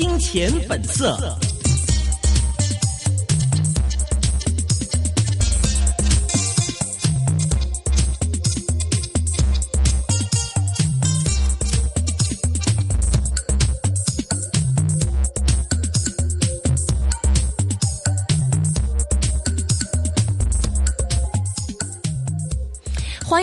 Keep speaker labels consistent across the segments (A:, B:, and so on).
A: 金錢本色。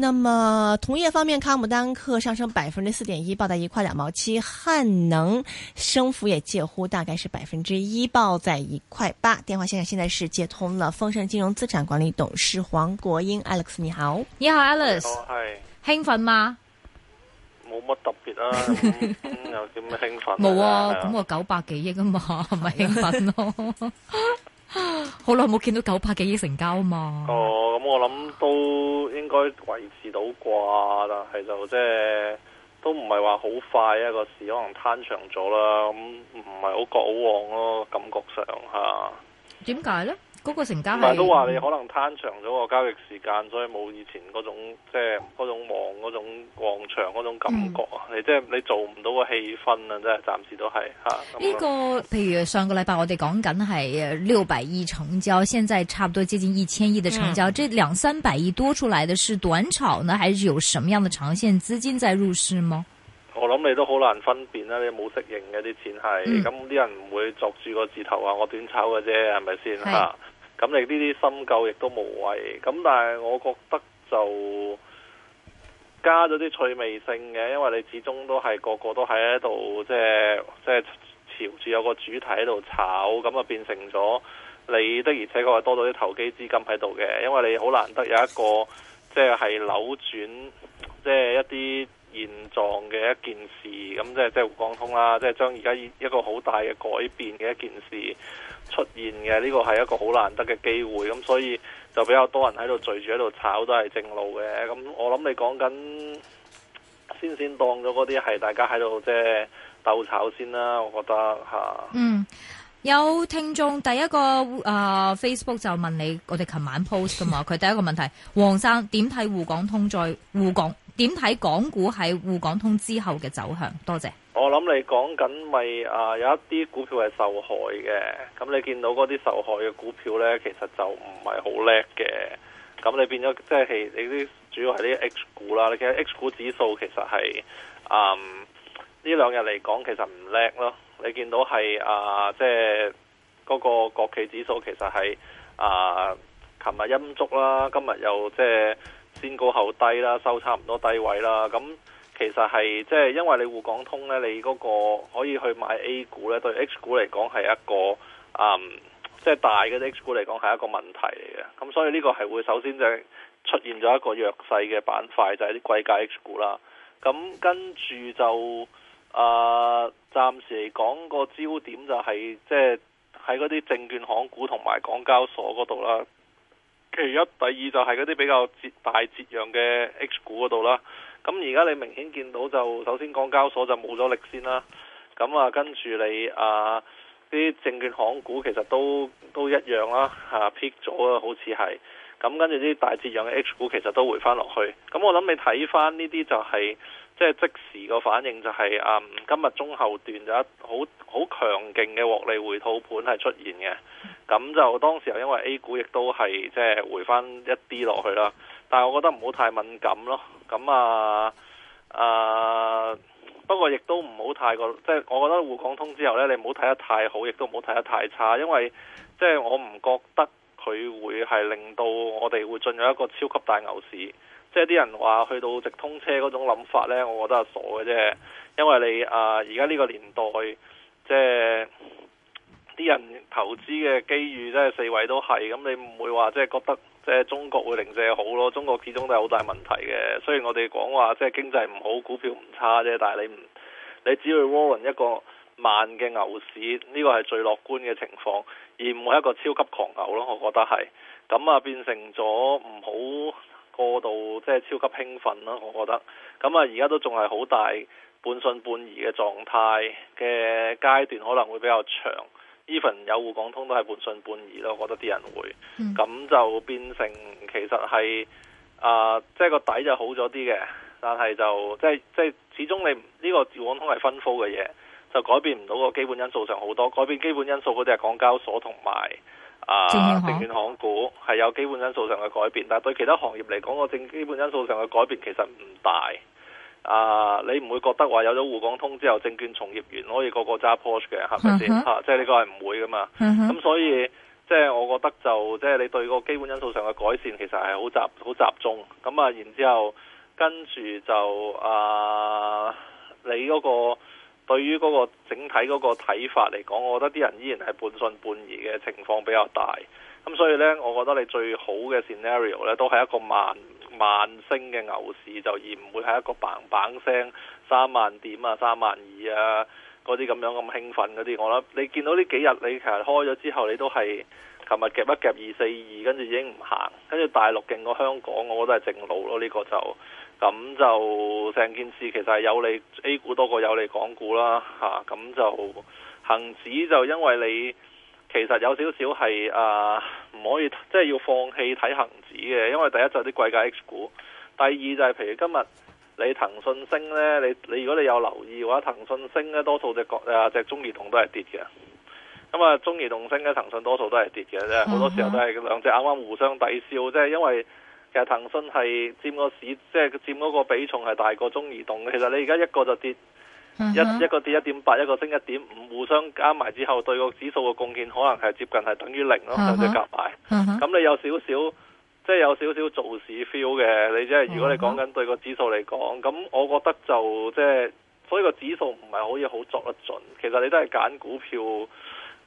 B: 那麼，同業方面，卡姆丹克上升百分之四點一，報在一塊兩毛七；漢能升幅也介乎，大概是百分之一，報在一塊八。電話線上現在是接通了，豐盛金融資產管理董事黃國英 Alex，你好，你好 Alex，
A: 係興奮嗎？
C: 冇乜特別啊。有啲咩興奮？冇
A: 啊，咁我九百幾億啊嘛，咪興奮咯。 好耐冇見到九百幾億成交啊嘛。
C: 哦，咁、嗯、我諗都應該維持到啩，但係就即係都唔係話好快啊個市可能攤長咗啦，咁唔係好覺好旺咯，感覺上吓。
A: 點解咧？嗰個成交係，都話你可
C: 能攤長咗個交易時間，所以冇以前嗰種即係嗰種忙嗰種旺場嗰種感覺啊、嗯！你即係你做唔到個氣氛啊！真係暫時都係嚇。呢、啊這
A: 個譬如上個禮拜我哋講緊係六百億成交，後，現在差唔多接近一千億嘅成交，嗯、這兩三百億多出來嘅是短炒呢，還是有什麼樣嘅長線資金在入市嗎？
C: 我諗你都好難分辨啦，你冇適應嘅啲錢係，咁啲、嗯、人唔會作住個字頭啊，我短炒嘅啫，係咪先吓？咁是、啊、你呢啲深究亦都無謂，咁但係我覺得就加咗啲趣味性嘅，因為你始終都係個個都喺度，即係即係朝住有個主題喺度炒，咁啊變成咗你的，而且佢又多咗啲投機資金喺度嘅，因為你好難得有一個即係係扭轉，即、就、係、是、一啲。現狀嘅一件事，咁即係即係滬港通啦，即係將而家一個好大嘅改變嘅一件事出現嘅，呢個係一個好難得嘅機會，咁所以就比較多人喺度聚住喺度炒都係正路嘅，咁我諗你講緊先先當咗嗰啲係大家喺度即係鬥炒先啦，我覺得吓。啊、嗯，
A: 有聽眾第一個誒、呃、Facebook 就問你，我哋琴晚 post 噶嘛？佢 第一個問題，黃生點睇滬港通在滬港？點睇港股喺滬港通之後嘅走向？多謝
C: 我。我諗你講緊咪啊，有一啲股票係受害嘅。咁你見到嗰啲受害嘅股票呢，其實就唔係好叻嘅。咁你變咗即係你啲主要係啲 H 股啦。你睇下 H 股指數其實係嗯呢兩日嚟講其實唔叻咯。你見到係啊、呃，即係嗰個國企指數其實係啊，琴日陰燭啦，今日又即係。先高後低啦，收差唔多低位啦。咁其實係即係因為你滬港通咧，你嗰個可以去買 A 股咧，對 H 股嚟講係一個嗯，即係大啲 H 股嚟講係一個問題嚟嘅。咁所以呢個係會首先就係出現咗一個弱勢嘅板塊，就係啲貴價 H 股啦。咁跟住就呃，暫時嚟講個焦點就係即係喺嗰啲證券行股同埋港交所嗰度啦。第一、第二就係嗰啲比較折大折讓嘅 H 股嗰度啦。咁而家你明顯見到就，首先港交所就冇咗力先啦。咁啊，跟住你啊啲證券行股其實都都一樣啦。嚇劈咗啊，好似係。咁跟住啲大折讓嘅 H 股其實都回翻落去。咁我諗你睇翻呢啲就係、係就係、即係即，即時個反應、就係，就係啊今日中後段有一好好強勁嘅獲利回吐盤係出現嘅。咁就當時候因為 A 股亦都係即係回翻一啲落去啦，但係我覺得唔好太敏感咯。咁啊啊，不過亦都唔好太過，即係我覺得滬港通之後呢，你唔好睇得太好，亦都唔好睇得太差，因為即係我唔覺得佢會係令到我哋會進入一個超級大牛市。即係啲人話去到直通車嗰種諗法呢，我覺得係傻嘅啫，因為你啊而家呢個年代即係。啲人投資嘅機遇即係四位都係咁，你唔會話即係覺得即係中國會零舍好咯。中國始終都係好大問題嘅，雖然我哋講話即係經濟唔好，股票唔差啫。但係你唔你只要窩運一個慢嘅牛市，呢、這個係最樂觀嘅情況，而唔係一個超級狂牛咯。我覺得係咁啊，變成咗唔好過度即係、就是、超級興奮咯。我覺得咁啊，而家都仲係好大半信半疑嘅狀態嘅階段，可能會比較長。Even 有滬港通都係半信半疑咯，我覺得啲人會，咁、嗯、就變成其實係即係個底就好咗啲嘅，但係就即係係，始終你呢、這個滬港通係分科嘅嘢，就改變唔到個基本因素上好多，改變基本因素嗰啲係港交所同埋啊證券行股係有基本因素上嘅改變，但係對其他行業嚟講，個證基本因素上嘅改變其實唔大。啊！你唔會覺得話有咗滬港通之後，證券從業員可以個個揸 post 嘅，係咪先？嚇、嗯哼，即係呢個係唔會㗎嘛。咁、嗯哼啊、所以即係、就是、我覺得就即係、就是、你對個基本因素上嘅改善，其實係好集好集中。咁啊，然之後跟住就啊，你嗰、那個對於嗰個整體嗰個睇法嚟講，我覺得啲人依然係半信半疑嘅情況比較大。咁、啊、所以呢，我覺得你最好嘅 scenario 呢，都係一個慢。慢升嘅牛市，就而唔會係一個棒棒聲三萬點啊，三萬二啊，嗰啲咁樣咁興奮嗰啲，我諗你見到呢幾日你其實開咗之後，你都係琴日夾一夾二四二，跟住已經唔行，跟住大陸勁過香港，我覺得係正路咯。呢、這個就咁就成件事其實係有利 A 股多過有利港股啦嚇。咁、啊、就恆指就因為你。其實有少少係啊，唔可以即係、就是、要放棄睇恒指嘅，因為第一就係啲貴價 H 股，第二就係譬如今日你騰訊升呢，你你如果你有留意嘅話，騰訊升呢，多數、呃、隻國啊隻中移動都係跌嘅。咁啊，中移動升呢，騰訊多數都係跌嘅啫，好多時候都係兩隻啱啱互相抵消啫。因為其實騰訊係佔個市，即、就、係、是、佔嗰個比重係大過中移動嘅。其實你而家一個就跌。一、uh huh. 一個跌一點八，8, 一個升一點五，互相加埋之後，對個指數嘅貢獻可能係接近係等於零咯，兩隻夾埋。咁、huh. uh huh. 你有少少，即係有少少做市 feel 嘅，你即係如果你講緊對個指數嚟講，咁、uh huh. 我覺得就即係，所以個指數唔係可以好作得準，其實你都係揀股票。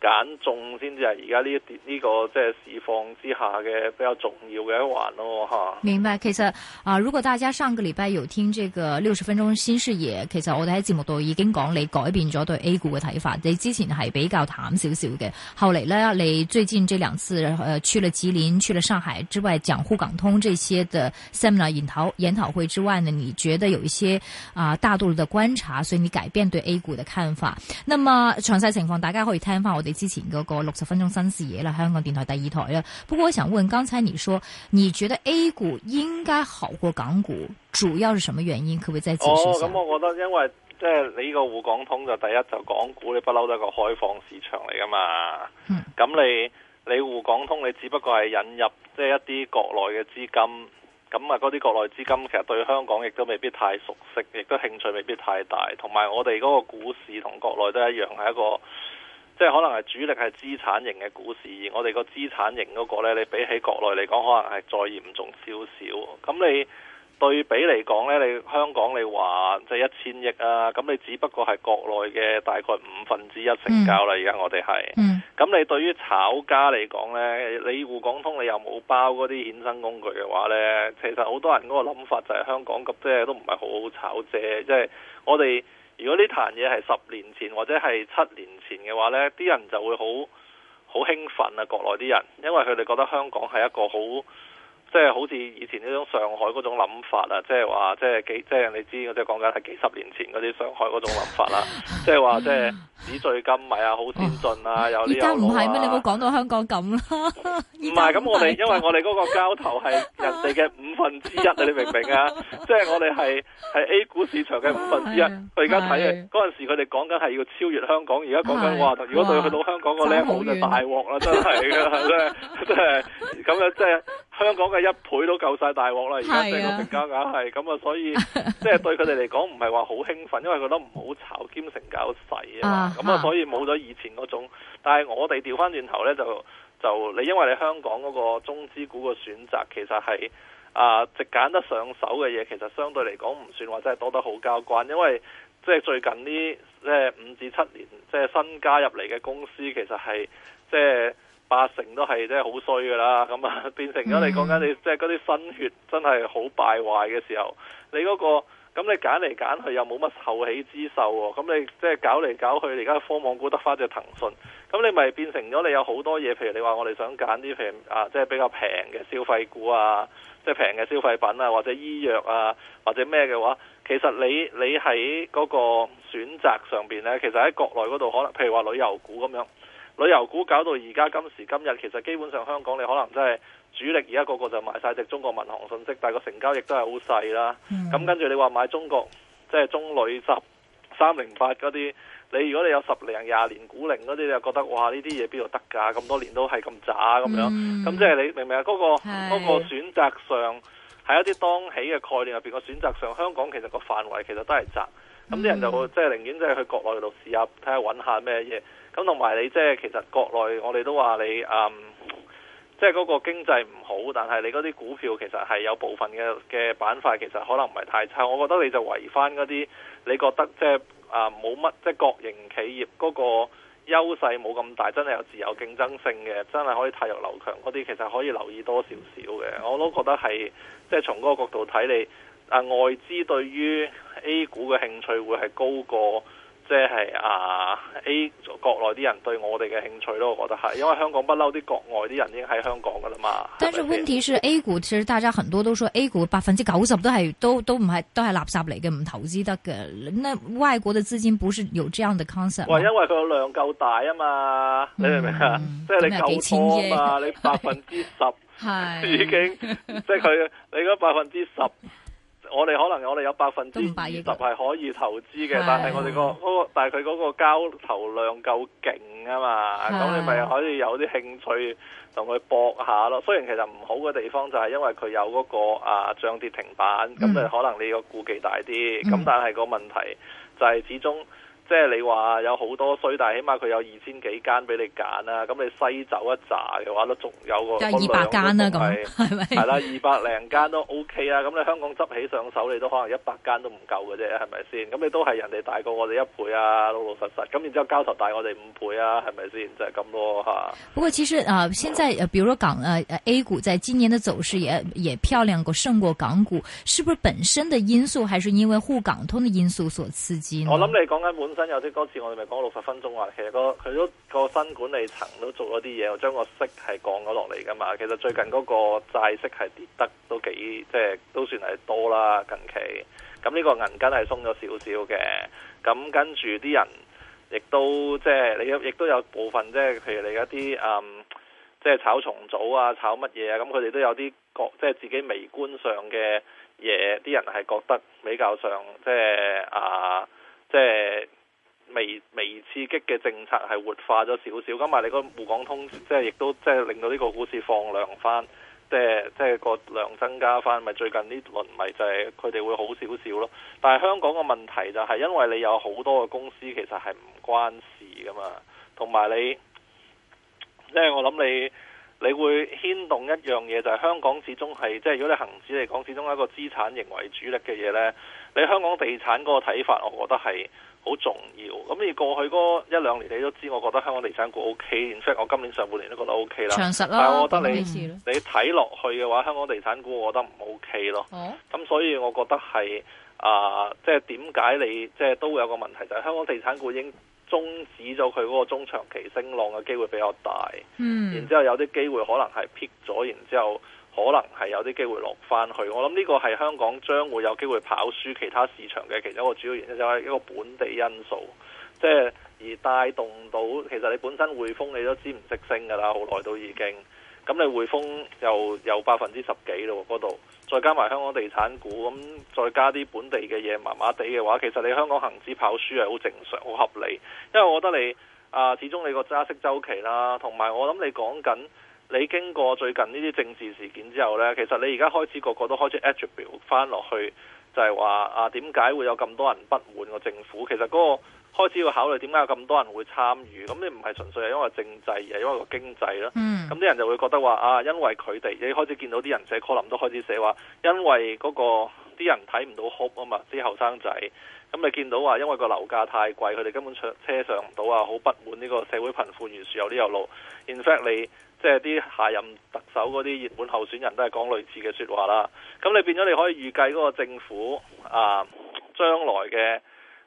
C: 揀中先至係而家呢一啲呢個即係市況之下嘅比較重要嘅一環咯吓。
A: 明白，其實啊、呃，如果大家上個禮拜有聽這個六十分鐘新視野，其實我哋喺節目度已經講你改變咗對 A 股嘅睇法。你之前係比較淡少少嘅，後嚟呢，你最近這兩次，誒、呃、去了吉林、去了上海之外，講滬港通這些的 Seminar 研討研討會之外呢，你覺得有一些啊、呃、大度嘅觀察，所以你改變對 A 股嘅看法。那麼詳細情況，大家可以聽返我哋。之前嗰個六十分鐘新視野啦，香港電台第二台啦。不過我想問，剛才你說你覺得 A 股應該好過港股，主要是什麼原因？可唔可以再解釋下？哦，咁
C: 我覺得因為即係你呢個滬港通就第一就港股，你不嬲都係個開放市場嚟噶嘛。咁你你滬港通，你只不過係引入即係一啲國內嘅資金，咁啊嗰啲國內資金其實對香港亦都未必太熟悉，亦都興趣未必太大。同埋我哋嗰個股市同國內都一樣，係一個。即係可能係主力係資產型嘅股市，而我哋個資產型嗰個呢，你比起國內嚟講，可能係再嚴重少少。咁你對比嚟講呢，你香港你話即係一千億啊，咁你只不過係國內嘅大概五分之一成交啦。而家我哋係，咁，嗯，你對於炒家嚟講呢，你滬港通你又冇包嗰啲衍生工具嘅話呢，其實好多人嗰個諗法就係香港即係都唔係好好炒啫，即係我哋。如果呢壇嘢係十年前或者係七年前嘅話，咧，啲人就會好好興奮啊！國內啲人，因為佢哋覺得香港係一個好。即係好似以前呢種上海嗰種諗法啊，即係話即係幾即係你知，即係講緊係幾十年前嗰啲上海嗰種諗法啦。即係話即係紙醉金迷啊，好先進啊，有呢啲啊。依家唔係咩？你冇
A: 講到香港咁啦。
C: 唔係咁，我哋因為我哋嗰個交投係人哋嘅五分之一啊！你明唔明啊？即係我哋係係 A 股市場嘅五分之一。佢而家睇啊，嗰陣時佢哋講緊係要超越香港，而家講緊話，如果對佢到香港個 level 就大鑊啦，真係嘅，即係咁樣即係。香港嘅一倍都夠晒大鑊啦！而家成個成交額係咁啊，所以 即係對佢哋嚟講唔係話好興奮，因為覺得唔好炒兼成交細啊。咁啊，所以冇咗以前嗰種。但係我哋調翻轉頭呢，就就你因為你香港嗰個中資股嘅選擇，其實係啊，直、呃、揀得上手嘅嘢，其實相對嚟講唔算話真係多得好交關，因為即係最近呢即係五至七年即係新加入嚟嘅公司，其實係即係。八成都係即係好衰㗎喇，咁 啊變成咗了、mm hmm. 你講緊你即係嗰啲新血真係好敗壞嘅時候，你嗰、那個咁你揀嚟揀去又冇乜後起之秀喎，咁你即係搞嚟搞去而家科網股得返隻騰訊，咁你咪變成咗你有好多嘢，譬如你話我哋想揀啲平啊，即、就、係、是、比較平嘅消費股啊，即係平嘅消費品啊，或者醫藥啊，或者咩嘅話，其實你你喺嗰個選擇上邊咧，其實喺國內嗰度可能譬如話旅遊股咁樣。旅遊股搞到而家今時今日，其實基本上香港你可能真係主力，而家個個就賣晒隻中國民航信息，但係個成交亦都係好細啦。咁、嗯、跟住你話買中國，即、就、係、係、中旅十三零八嗰啲，你如果你有十零廿年股齡嗰啲，你又覺得哇呢啲嘢邊度得㗎？咁多年都係咁渣咁樣，咁即係你明唔明啊？嗰、嗰個嗰是個選擇上，喺一啲當起嘅概念入邊個選擇上，香港其實個範圍其實都係窄。咁啲人就即係寧願即係去國內度試下，睇下揾下咩嘢。咁同埋你即係其實國內，我哋都話你，嗯，即係嗰個經濟唔好，但係你嗰啲股票其實係有部分嘅嘅板塊，其實可能唔係太差。我覺得你就圍翻嗰啲你覺得即係啊冇乜即係國營企業嗰個優勢冇咁大，真係有自由競爭性嘅，真係可以汰弱留強嗰啲，其實可以留意多少少嘅。我都覺得係即係從嗰個角度睇你。啊、呃！外資對於 A 股嘅興趣會係高過，即係啊 A 國內啲人對我哋嘅興趣咯，我覺得係，因為香港不嬲啲國外啲人已經喺香港噶啦嘛。但是問
A: 題是 A 股，其實大家很多都說 A 股百分之九十都係都都唔係都係垃圾嚟嘅，唔投資得嘅。那外國嘅資金不是有這樣的 concept？
C: 因為佢個量夠大啊嘛，你明唔明啊？嗯、即係你九千億嘛，嗯、 你百分之十已經 是 即係佢你百分之十,十。我哋可能我哋有百分之二十係可以投資嘅，的但係我哋、嗰個嗰的但係佢嗰個交投量夠勁啊嘛，咁的你咪可以有啲興趣同佢搏下咯。雖然其實唔好嘅地方就係因為佢有嗰、嗰個啊漲跌停板，咁、嗯、你、嗯嗯、可能你個顧忌大啲。咁但係個問題就係始終。即係你話有好多衰，但係起碼佢有二千幾間俾你揀啦、啊。咁你西走一扎嘅話，都仲有個有二百間啦、啊，咁係咪？係啦，二百零間都 OK 啦、啊。咁你香港執起上手，你都可能一百間都唔夠嘅啫，係咪先？咁你都係人哋大過我哋一倍啊，老老實實。咁然之後交投大我哋五倍啊，係咪先？即係咁咯，吓。
A: 不過其實啊、呃，現在，比如說港誒、啊、A 股在今年嘅走勢也，也也漂亮過，勝過港股。是不是本身嘅因素，還是因為滬港通嘅因素所刺激？我諗
C: 你講緊本身。有啲嗰次我哋咪講六十分鐘話，其實個佢都個新管理層都做咗啲嘢，將個息係降咗落嚟噶嘛。其實最近嗰個債息係跌得都幾，即係都算係多啦。近期咁呢個銀根係鬆咗少少嘅，咁跟住啲人亦都即係你亦都有部分即係，譬如你一啲嗯，即係炒重組啊、炒乜嘢啊，咁佢哋都有啲個即係自己微觀上嘅嘢，啲人係覺得比較上即係啊，即係。微微刺激嘅政策係活化咗少少，咁埋你個滬港通，即係亦都即係令到呢個股市放量翻，即係即係個量增加翻，咪最近呢輪咪就係佢哋會好少少咯。但係香港個問題就係、是、因為你有好多嘅公司其實係唔關事噶嘛，同埋你，即、就、係、是、我諗你，你會牽動一樣嘢，就係、是、香港始終係即係如果你恒指嚟講始終一個資產型為主力嘅嘢咧，你香港地產嗰個睇法，我覺得係。好重要，咁你過去嗰一兩年你都知，我覺得香港地產股 O K，然之後我今年上半年都覺得 OK 啦。但係我覺得你你睇落去嘅話，香港地產股我覺得唔 O K 咯。咁所以我覺得係啊、呃，即係點解你即係都會有個問題，就係香港地產股已經終止咗佢嗰個中長期升浪嘅機會比較大。嗯，然之後有啲機會可能係 peak 咗，然之後。可能係有啲機會落翻去，我諗呢個係香港將會有機會跑輸其他市場嘅其中一個主要原因，就係、是、一個本地因素，即、就、係、是、而帶動到其實你本身匯豐你都知唔識升㗎啦，好耐都已經，咁你匯豐又有百分之十幾咯嗰度，再加埋香港地產股，咁再加啲本地嘅嘢麻麻地嘅話，其實你香港恆指跑輸係好正常、好合理，因為我覺得你啊、呃，始終你個揸息周期啦，同埋我諗你講緊。你經過最近呢啲政治事件之後呢，其實你而家開始個個都開始 adjust 翻落去，就係、是、話啊，點解會有咁多人不滿個、啊、政府？其實嗰、那個開始要考慮點解有咁多人會參與，咁你唔係純粹係因為政制，而係因為個經濟啦。嗯、mm. 啊，咁啲人就會覺得話啊，因為佢哋你開始見到啲人寫，column 都開始寫話，因為嗰、那個啲人睇唔到 hope 啊嘛，啲後生仔咁你見到話，因為個樓價太貴，佢哋根本上車上唔到啊，好不滿呢、這個社會貧富懸殊有啲條路。In fact，你即係啲下任特首嗰啲熱門候選人都係講類似嘅説話啦。咁你變咗你可以預計嗰個政府啊將來嘅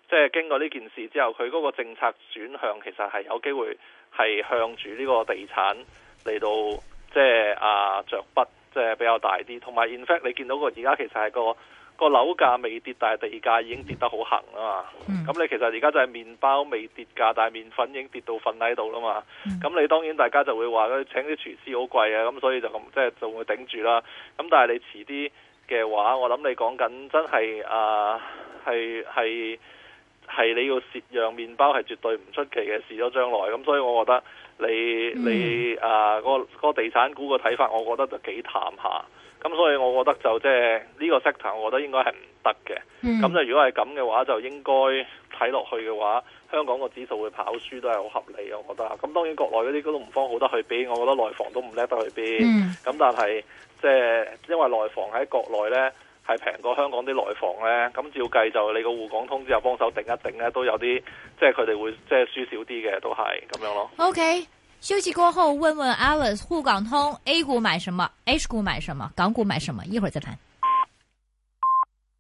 C: 即係經過呢件事之後，佢嗰個政策轉向其實係有機會係向住呢個地產嚟到即係啊著筆，即係比較大啲。同埋 in fact，你見到個而家其實係個。個樓價未跌，但係地價已經跌得好行啊嘛！咁、嗯、你其實而家就係麵包未跌價，但係麵粉已經跌到瞓喺度啦嘛！咁、嗯、你當然大家就會話咧，請啲廚師好貴啊，咁所以就咁即係就會頂住啦。咁但係你遲啲嘅話，我諗你講緊真係啊，係係係你要蝕讓麵包係絕對唔出奇嘅事咗將來。咁所以我覺得你你，你啊、個、個地產股個睇法，我覺得就幾淡下。咁、嗯、所以我覺得就即係呢個 sector，我覺得應該係唔得嘅。咁、嗯、就如果係咁嘅話，就應該睇落去嘅話，香港個指數會跑輸都係好合理，我覺得。咁當然國內嗰啲都唔慌好得去邊，我覺得內房都唔叻得去邊。咁、嗯、但係即係因為內房喺國內咧係平過香港啲內房咧，咁照計就你個滬港通之後幫手頂，頂一頂咧，都有啲即係佢哋會即係輸少啲嘅，都係咁樣咯。
A: OK。休息過後問問 a l i c e 滬港通 A 股買什麼，H 股買什麼，港股買什麼，一會兒再談。